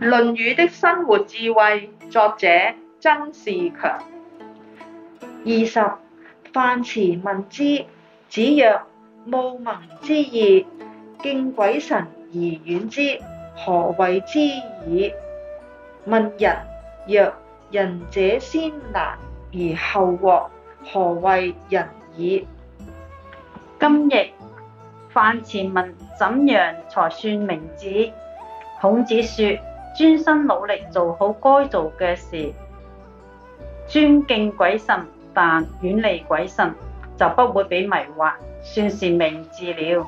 《論語》的生活智慧，作者曾仕強。二十，樊遲問知，子曰：務民之義，敬鬼神而遠之，何謂知矣？問仁，曰：仁者先難而後獲，何謂仁矣？今譯，樊遲問怎樣才算明智？孔子說。專心努力做好該做嘅事，尊敬鬼神但遠離鬼神，就不會被迷惑，算是明智了。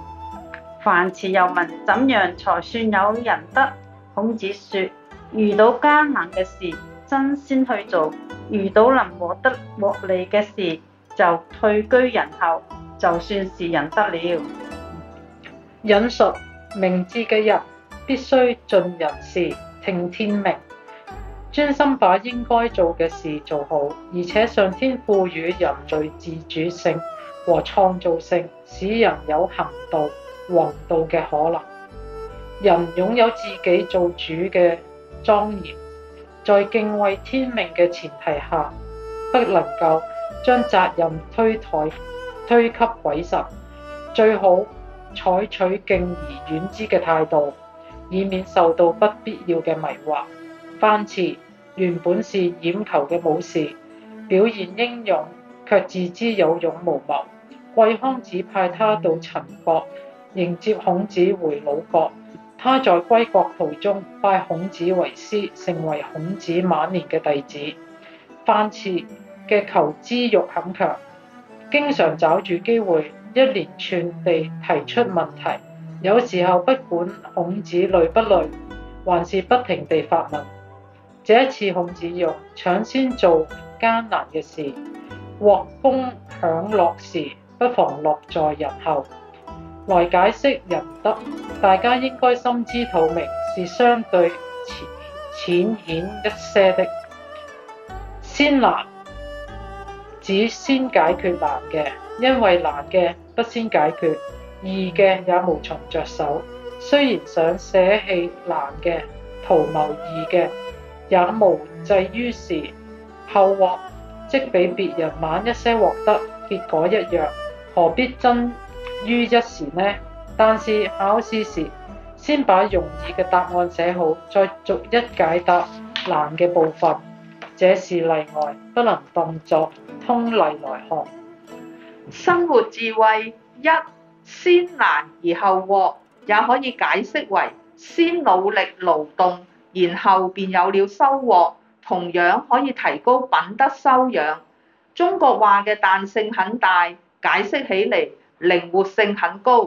樊遲又問：怎樣才算有仁德？孔子說：遇到艱難嘅事，爭先去做；遇到能獲得獲利嘅事，就退居人後，就算是仁德了。引述：明智嘅人必須盡人事。聽天命，專心把應該做嘅事做好，而且上天賦予人類自主性和創造性，使人有行道、弘道嘅可能。人擁有自己做主嘅莊嚴，在敬畏天命嘅前提下，不能夠將責任推卸、推給鬼神，最好採取敬而遠之嘅態度。以免受到不必要嘅迷惑。樊遲原本是冉求嘅武士，表現英勇，卻自知有勇無謀。季康子派他到陳國迎接孔子回魯國，他在歸國途中拜孔子為師成為孔子晚年嘅弟子。樊遲嘅求知欲很強，經常抓住機會一連串地提出問題。有時候不管孔子累不累，還是不停地發問。這一次孔子用搶先做艱難嘅事獲功享樂時，不妨落在日後，來解釋仁德。大家應該心知肚明，是相對淺顯一些的。先難指先解決難嘅，因為難嘅不先解決，易嘅也無從着手，雖然想捨棄難嘅圖謀易嘅，也無濟於事。後獲即比別人晚一些獲得結果一樣，何必爭於一時呢？但是考試時，先把容易嘅答案寫好，再逐一解答難嘅部分，這是例外，不能當作通例來看。生活智慧一。先難而後獲，也可以解釋為先努力勞動，然後便有了收穫。同樣可以提高品德修養。中國話嘅彈性很大，解釋起嚟靈活性很高。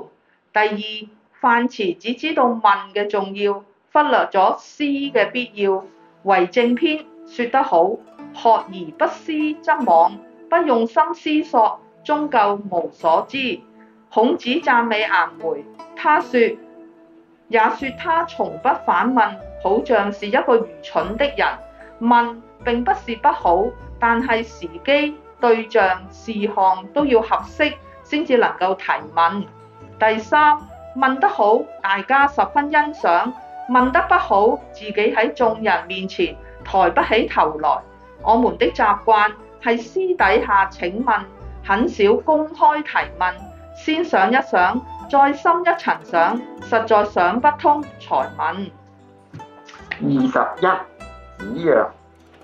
第二，樊遲只知道問嘅重要，忽略咗思嘅必要。為政篇說得好：學而不思則罔，不用心思索，終究無所知。孔子讚美顏回，他說也說他從不反問，好像是一個愚蠢的人。問並不是不好，但係時機、對象、事項都要合適先至能夠提問。第三，問得好，大家十分欣賞；問得不好，自己喺眾人面前抬不起頭來。我們的習慣係私底下請問，很少公開提問。先想一想，再深一層想，實在想不通才問。二十一子曰：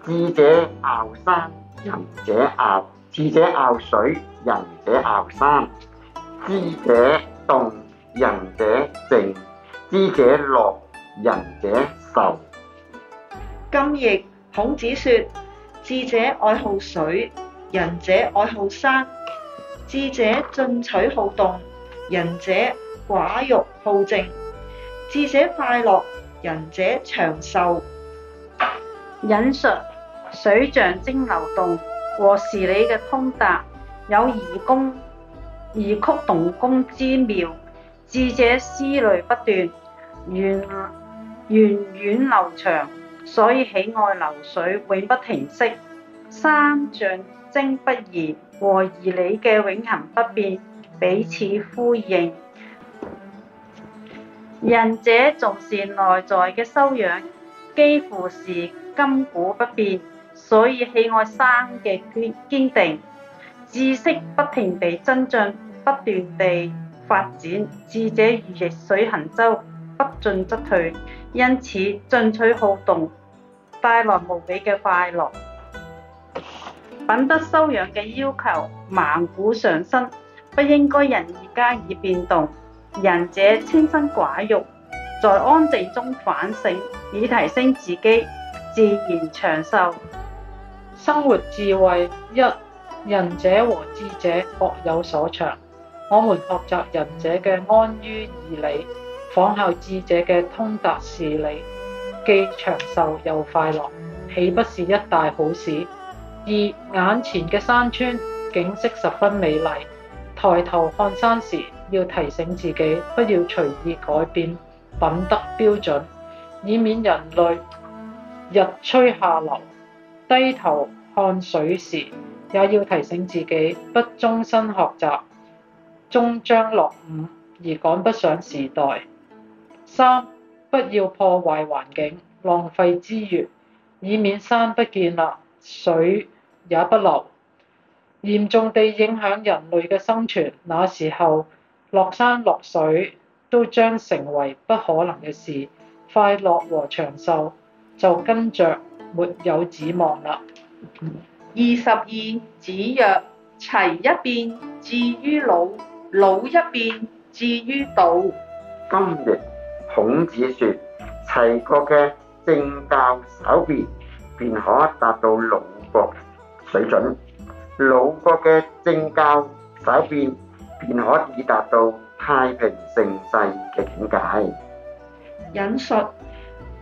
智者樂山，仁者樂；智者樂水，仁者樂山。智者動，仁者靜；知者樂，仁者壽。今譯孔子說：智者愛好水，仁者愛好山。智者進取好動，仁者寡欲好靜，智者快樂，仁者長壽。引述水象徵流動和事理嘅通達，有移工移曲動工之妙。智者思慮不斷，源源遠流長，所以喜愛流水永不停息。三象徵不移和而理嘅永恒不變，彼此呼應。仁者重視內在嘅修養，幾乎是今古不變，所以喜愛生嘅堅定。知識不停地增進，不斷地發展。智者如逆水行舟，不進則退，因此進取好動，帶來無比嘅快樂。品德修養嘅要求萬古常新，不應該人而加以變動。仁者清心寡欲，在安靜中反省，以提升自己，自然長壽。生活智慧一，仁者和智者各有所長，我們學習仁者嘅安於義理，仿效智者嘅通達事理，既長壽又快樂，豈不是一大好事？二，眼前嘅山川景色十分美麗，抬頭看山時要提醒自己不要隨意改變品德標準，以免人類日趨下流；低頭看水時也要提醒自己不終身學習，終將落伍而趕不上時代。三，不要破壞環境、浪費資源，以免山不見啦水也不留，嚴重地影響人類嘅生存。那時候落山落水都將成為不可能嘅事，快樂和長壽就跟着沒有指望啦。二十二子曰：齊一變至於魯，魯一變至於道。今日孔子説：齊國嘅政教守變，便可達到魯國。水準，魯國嘅政教稍變，便可以達到太平盛世嘅境界。引述：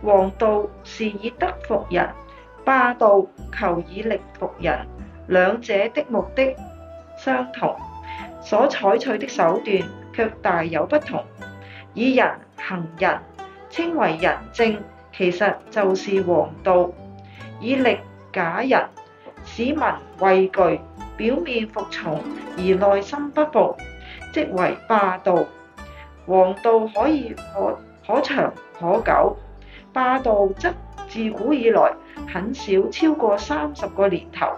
王道是以德服人，霸道求以力服人，兩者的目的相同，所採取的手段卻大有不同。以人行人，稱為仁政，其實就是王道；以力假人。市民畏懼，表面服從而內心不服，即為霸道。王道可以可可長可久，霸道則自古以來很少超過三十個年頭。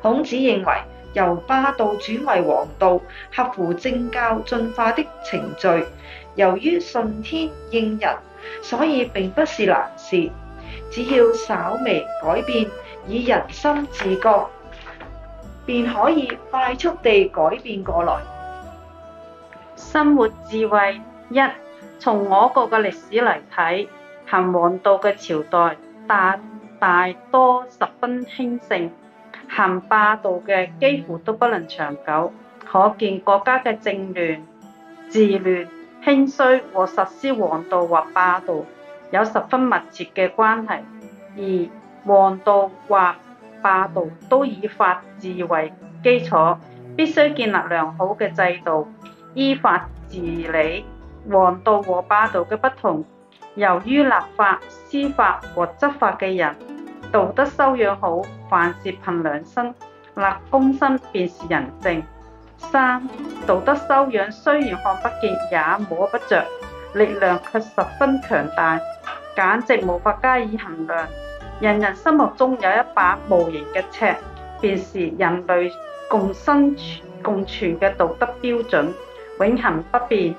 孔子認為由霸道轉為王道，合乎政教進化的程序。由於順天應人，所以並不是難事，只要稍微改變。以人心自覺，便可以快速地改變過來。生活智慧一，從我國嘅歷史嚟睇，行王道嘅朝代大大多十分興盛，行霸道嘅幾乎都不能長久。可見國家嘅政亂、治亂、興衰和實施王道或霸道有十分密切嘅關係。二王道或霸道都以法治為基礎，必須建立良好嘅制度，依法治理。王道和霸道嘅不同，由於立法、司法和執法嘅人，道德修養好，凡事憑良心，立公心便是仁政。三、道德修養雖然看不見，也摸不着，力量卻十分強大，簡直無法加以衡量。人人心目中有一把無形嘅尺，便是人類共生共存嘅道德標準，永恒不變。